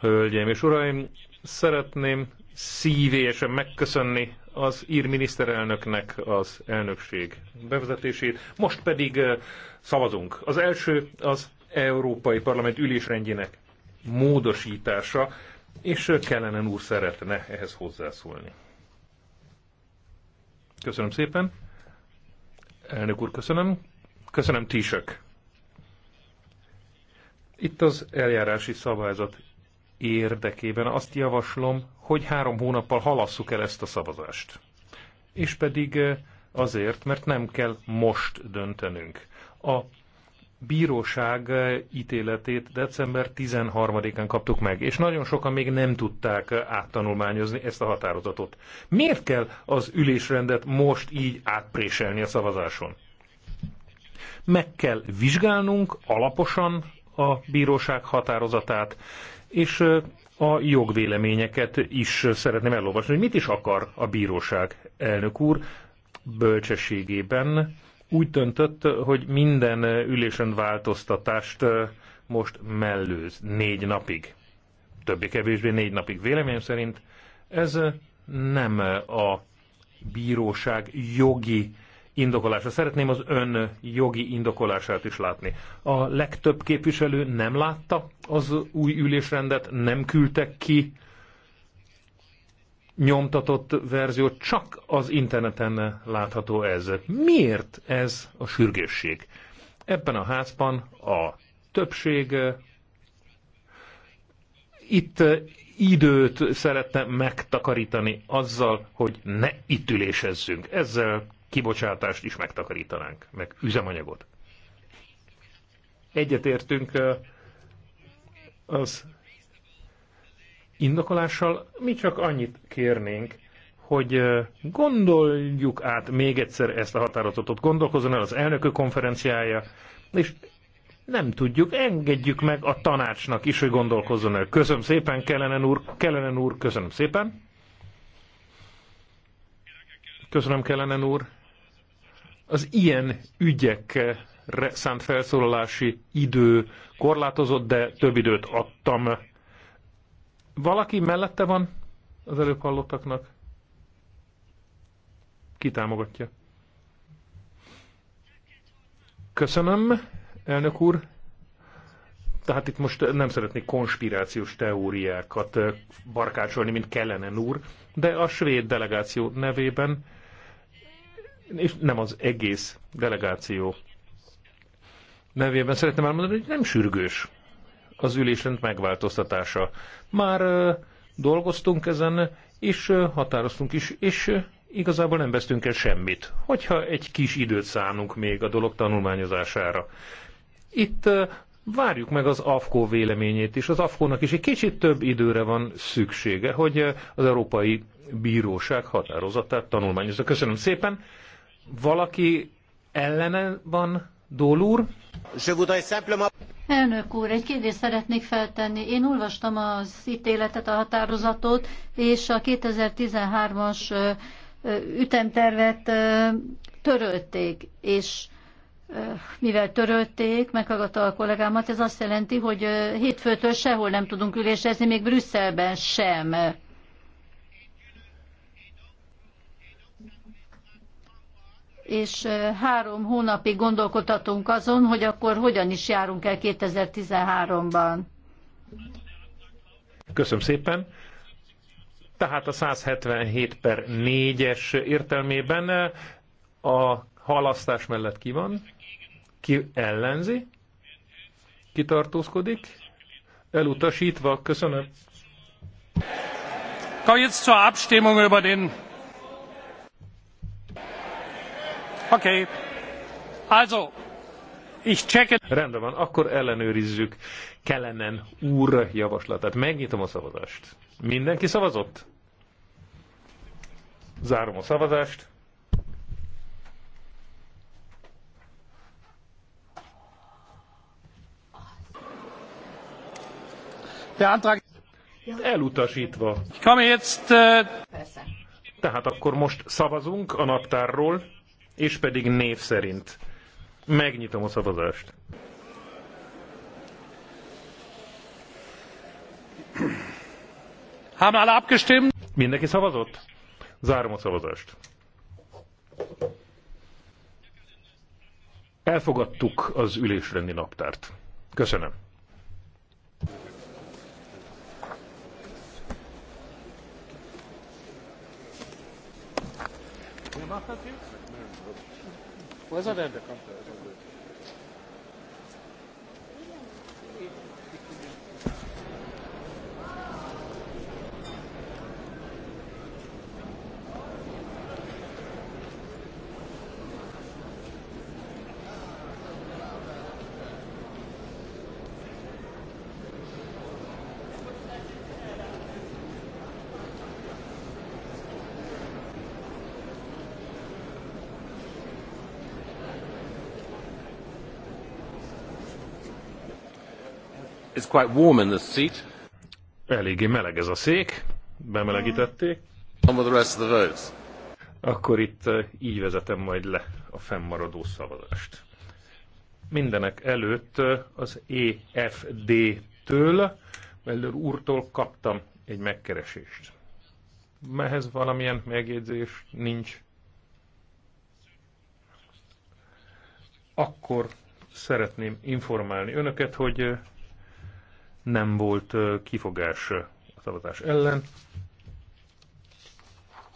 Hölgyeim és uraim, szeretném szívélyesen megköszönni az ír miniszterelnöknek az elnökség bevezetését. Most pedig eh, szavazunk. Az első az Európai Parlament ülésrendjének módosítása, és eh, Kellenen úr szeretne ehhez hozzászólni. Köszönöm szépen. Elnök úr, köszönöm. Köszönöm, Tisök. Itt az eljárási szabályzat érdekében azt javaslom, hogy három hónappal halasszuk el ezt a szavazást. És pedig eh, azért, mert nem kell most döntenünk. A bíróság eh, ítéletét december 13-án kaptuk meg, és nagyon sokan még nem tudták eh, áttanulmányozni ezt a határozatot. Miért kell az ülésrendet most így átpréselni a szavazáson? Meg kell vizsgálnunk alaposan a bíróság határozatát, és a jogvéleményeket is szeretném elolvasni, hogy mit is akar a bíróság elnök úr bölcsességében. Úgy döntött, hogy minden ülésen változtatást most mellőz négy napig. Többé-kevésbé négy napig. Véleményem szerint ez nem a bíróság jogi indokolása. Szeretném az ön jogi indokolását is látni. A legtöbb képviselő nem látta az új ülésrendet, nem küldtek ki nyomtatott verziót, csak az interneten látható ez. Miért ez a sürgősség? Ebben a házban a többség itt időt szeretne megtakarítani azzal, hogy ne itt ülésezzünk. Ezzel kibocsátást is megtakarítanánk, meg üzemanyagot. Egyetértünk az indokolással, mi csak annyit kérnénk, hogy gondoljuk át még egyszer ezt a határozatot, gondolkozzon el az elnökö konferenciája, és nem tudjuk, engedjük meg a tanácsnak is, hogy gondolkozzon el. Köszönöm szépen, Kellenen úr, Kellenen úr, köszönöm szépen. Köszönöm, Kellenen úr az ilyen ügyekre szánt felszólalási idő korlátozott, de több időt adtam. Valaki mellette van az előbb hallottaknak? Ki támogatja? Köszönöm, elnök úr. Tehát itt most nem szeretnék konspirációs teóriákat barkácsolni, mint kellene úr, de a svéd delegáció nevében és nem az egész delegáció nevében szeretném elmondani, hogy nem sürgős az ülésrend megváltoztatása. Már dolgoztunk ezen, és határoztunk is, és igazából nem vesztünk el semmit, hogyha egy kis időt szánunk még a dolog tanulmányozására. Itt várjuk meg az AFKO véleményét is. Az AFKO-nak is egy kicsit több időre van szüksége, hogy az Európai Bíróság határozatát tanulmányozza. Köszönöm szépen! Valaki ellene van, Dól úr? Elnök úr, egy kérdést szeretnék feltenni. Én olvastam az ítéletet, a határozatot, és a 2013-as ütemtervet törölték, és mivel törölték, meghallgatta a kollégámat, ez azt jelenti, hogy hétfőtől sehol nem tudunk ülésezni, még Brüsszelben sem. és három hónapig gondolkodhatunk azon, hogy akkor hogyan is járunk el 2013-ban. Köszönöm szépen. Tehát a 177 per 4-es értelmében a halasztás mellett ki van, ki ellenzi, kitartózkodik, elutasítva, köszönöm. Kommen jetzt zur Abstimmung über den Okay. Also, ich checke. Rendben van, akkor ellenőrizzük Kellenen úr javaslatát. Megnyitom a szavazást. Mindenki szavazott? Zárom a szavazást. Elutasítva. Äh, Persze. Tehát akkor most szavazunk a naptárról és pedig név szerint. Megnyitom a szavazást. Haben abgestimmt? Mindenki szavazott? Zárom a szavazást. Elfogadtuk az ülésrendi naptárt. Köszönöm. You not have it? Wasn't it the contract? It's quite warm in this seat. Eléggé meleg ez a szék. Bemelegítették. Some the rest of the votes. Akkor itt eh, így vezetem majd le a fennmaradó szavazást. Mindenek előtt eh, az EFD-től, Mellőr úrtól kaptam egy megkeresést. Mehez valamilyen megjegyzés nincs. Akkor szeretném informálni önöket, hogy eh, nem volt kifogás a szavazás ellen.